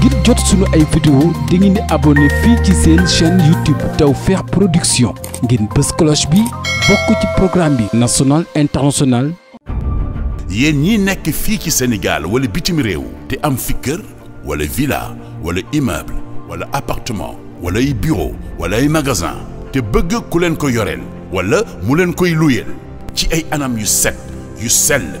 ngir jot sunu ay vidéo di ngeen di abonné fii ci seen chaîne YouTube Tawfekh Production ngir bës cloche bi bokk ci programme bi national international yéen ñi nekk fii ci Sénégal wala bitim réew te am fi wala villa wala immeuble wala appartement wala ay bureau wala ay magasin te bëgg ku leen ko yoreel wala mu leen koy luyeel ci ay anam yu set yu sel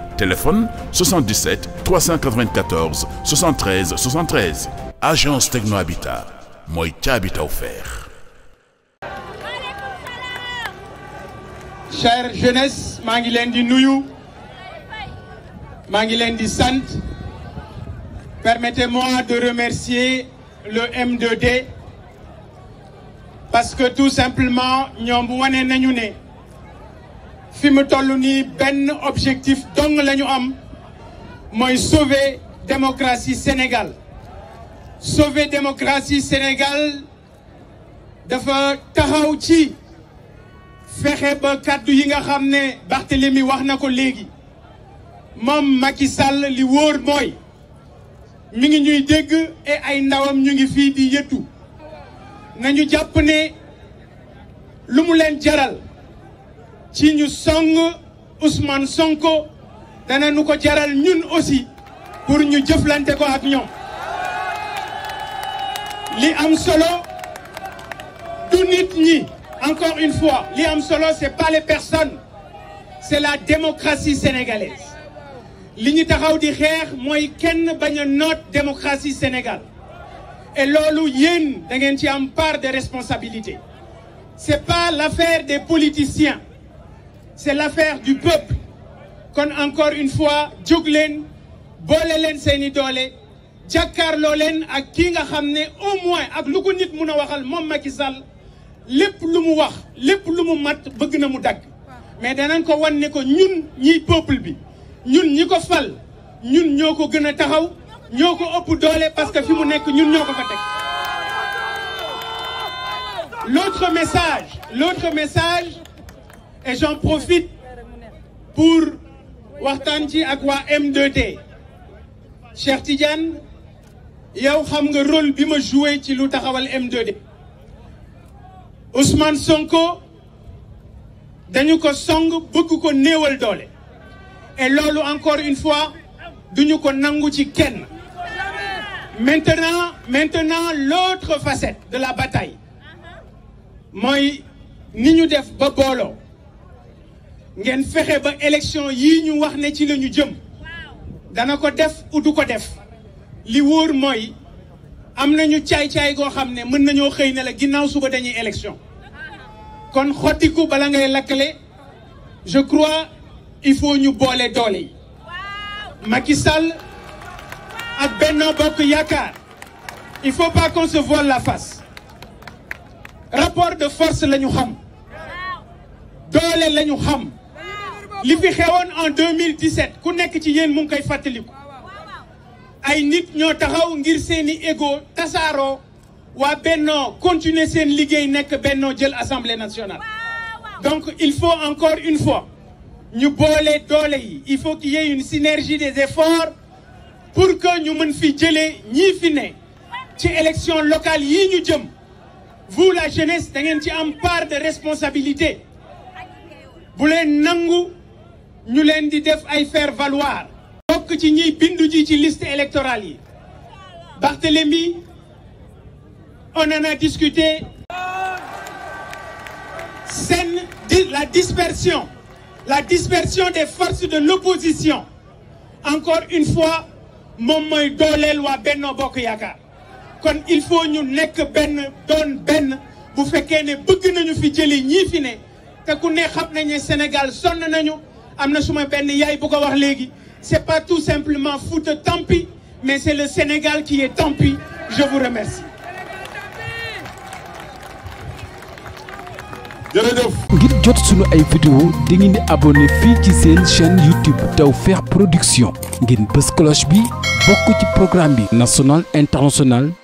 téléphone 77 394 73 73 agence Techno Habitat mooy caabi Tawfekh. chère jeunesse maa ngi leen di nuyu maa ngi leen di sant permettez-moi de remercier le M2D parce que tout simplement ñoom wane nañu ne. fi mu toll nii benn objectif dong lañu am mooy sauver démocratie Sénégal sauver démocratie Sénégal dafa taxaw ci fexe ba kàddu yi nga xam ne Barthélémy wax na ko léegi ma Macky sàll li wóor mooy mi ngi ñuy dégg et ay ndawam ñu ngi fii di yëttu nañu jàpp ne lu mu leen jaral ci ñu song Ousmane Sonko dana nu ko jaral ñun aussi pour ñu jëflante ko ak ñoom li am solo du nit ñi encore une fois li am solo c'est pas les personnes c'est la démocratie sénégalaise li ñu taxaw di xeex mooy kenn bañ a noot démocratie Sénégal et loolu yéen da ngeen ci am par de responsabilité c'est pas l'affaire des politiciens c'est l'affaire du peuple kon encore une fois jóg leen boole leen seeni doole jàkkaarloo leen ak kii nga xam ne au moins ak lu ko nit mun a waxal moom Macky Sall lépp lu mu wax lépp lu mu mat bëgg na mu dagg mais danañ ko wan ne ko ñun ñiy peuple bi ñun ñi ko fal ñun ñoo ko gën a taxaw ñoo ko ëpp doole parce que fi mu nekk ñun ñoo ko fa teg l'autre message l'autre message et profite pour waxtaan ci ak waa M2D yow xam nga rôle bi ma joué ci lu taxawal m 2 Sonko dañu ko song bëgg ko néewal doole et loolu encore une fois duñu ko nangu ci kenn maintenant maintenant l'autre facette de la bataille mooy ni ñu def ba booloo ngeen fexe ba élection yi ñu wax ne ci la ñu jëm dana ko def ou du ko def li wóor mooy am nañu caay-caay goo xam ne mën nañoo xëy ne la ginnaaw suba dañuy élection kon xottiku bala ngay lakkale je crois il faut ñu boole doole yi Macky Sall ak Benno Bokk Yaakaar il faut pas qu'on la face rapport de force la ñu xam doole la xam li fi xewoon en 2017 ku nekk ci yéen mu ngi koy fàttaliku ay nit ñoo taxaw ngir seeni égo tasaaroo waa bennoo continuer seen liggéey nekk benno jël assemblée nationale donc il faut encore une fois ñu boole doole yi il faut qu'il y ait une synergie des efforts pour que ñu mën fi jëlee ñii fi ne ci élection locale yii ñu jëm vous la jeunesse da ngeen ci am part de responsabilité bu leen nangu ñu leen di def ay faire valoir bokk ci ñiy bindu ji ci liste électorale yi Barthélemy on en a discuté seen la dispersion la dispersion des forces de l'opposition encore une fois moom mooy dooleel waa Benno Bokk Yaakaar kon il faut ñu nekk benn doon benn bu fekkee ne bëgg nañu fi jëli ñii fi ne te ku ne xam nañu Sénégal sonn nañu am na suma benn yaay bu ko wax léegi c'est pas tout simplement Fouta tant est tant pis je vous remercie. jërëjëf. ngir jot sunu ay vidéo di ngeen di abonné fii ci seen chaîne YouTube Tawfekh Production. ngir bës cloche bi bokk ci programme bi. national international.